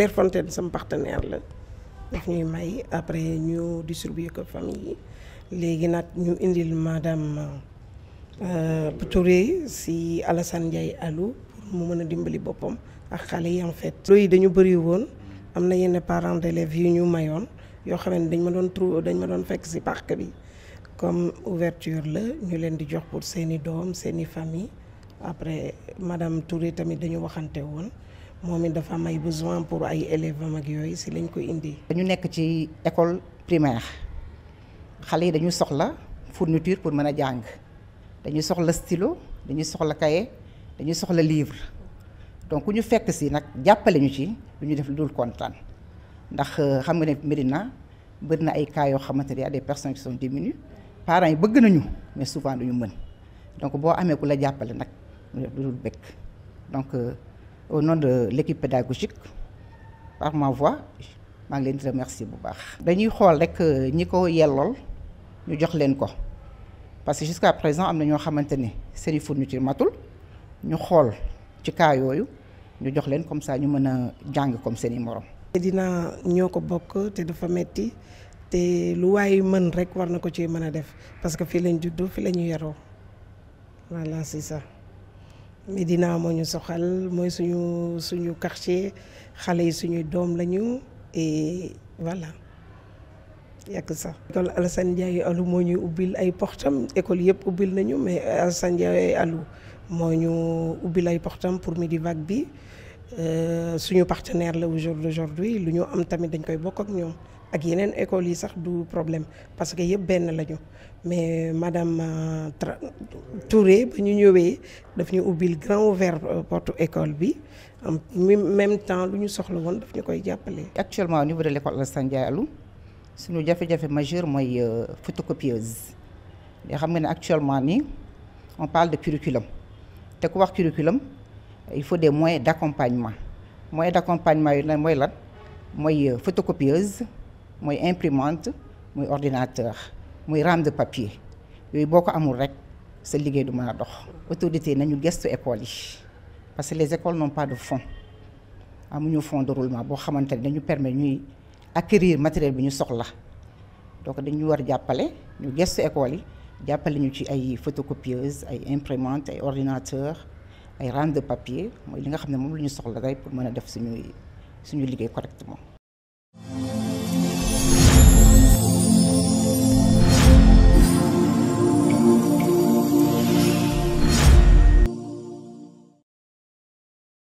Clairefontaine sama partenaire la daf ñuy may après ñu distribuer ko famille yi léegi nag ñu indil madame euh, Touré si Alassane Ndiaye Alou mu mën a dimbali boppam ak xale yi en fait. loolu yi dañu bëri woon am na yenn parents d'élèves yu ñu mayoon yoo xam ne dañ ma doon trou dañ ma doon fekk si parc bi comme ouverture la ñu leen di jox pour seeni doom seeni famille après madame Touré tamit dañu waxante woon. moom it dafa am ay besoin pour ay élèves am yooyu si lañ ko indi. dañu nekk ci école primaire xale yi dañu soxla fourniture pour mën a jàng dañu soxla stylo dañu soxla kaye dañu soxla livre donc ku ñu fekk si nag jàppale ñu ci lu ñu def lu dul kontaan ndax euh, xam nga ne Médina bëri na ay cas yoo xamante ne des personnes qui sont diminuées parents yi bëgg nañu mais souvent duñu mën donc boo amee ku la jàppale nag lu dul bëgg au nom de l'équipe pédagogique par ma voix maa ngi leen di remercier bu baax. dañuy xool rek euh, ñi ko yellool ñu jox leen ko parce que jusqu'à présent am na ñoo xamante ni seen ñu fourniture matul ñu xool ci cas yooyu ñu jox leen comme ça ñu mën a jàng comme seen i morom. dina ñoo ko bokk te dafa metti te lu waay mën rek war na ko ci mën a def parce que fii lañ juddu fii la ñu yaroo voilà c'est ça. dina moo ñu soxal mooy suñu suñu quartier xale yi suñuy doom lañu et voilà yàgg sax. école Alassane Ndiaye Alou moo ñuy ubbil ay portam école yëpp ubbil nañu mais Alassane Ndiaye Alou moo ñu ubbil ay portam pour Midi Vague bi. Euh, suñu partenaire la au jour d'aujourd'hui lu ñu am tamit dañ koy bokk ak ñoom ak yeneen écoles yi sax du problème parce que yëpp benn lañu mais madame euh, Touré ba ñu ñëwee daf ñu ubbil grand ouvert euh, porte école bi en même temps lu ñu soxla woon daf ñu koy jàppale. actuellement au niveau de l' école Alassane Ndiaye Alou suñu jafe-jafe majeur mooy xam nga ne actuellement nii on parle de curriculum te ku wax curriculum. il faut des moyens d'accompagnement moyens d'accompagnement yu ne mooy lan mooy euh, photocopieuse mooy imprimante mooy ordinateur mooy rame de papier yooyu boo ko amul rek sa liggéey du mën a dox autorité nañu gëstu école yi parce que les écoles non pas de fonds amuñu fonds de roulement boo xamante ne dañu permettre ñuy acquérir matériel bi ñu soxla donc dañu war jàppale ñu gëstu école yi jàppale ñu ci ay photocopieuse ay imprimante ay ordinateur ay rang de papier li nga xam ne moom la ñu soxla day pour mën a def suñuy suñu liggéey correctement